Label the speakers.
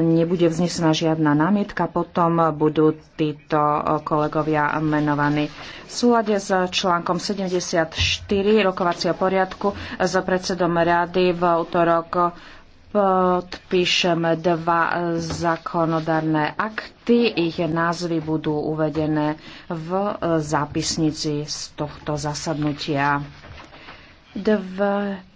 Speaker 1: nebude vznesená žiadna námietka, potom budú títo e, kolegovia menovaní. V súlade s článkom 74 rokovacieho poriadku s predsedom rady v útorok podpíšeme dva zákonodárne akty. Ich názvy budú uvedené v zápisnici z tohto zasadnutia.
Speaker 2: Dve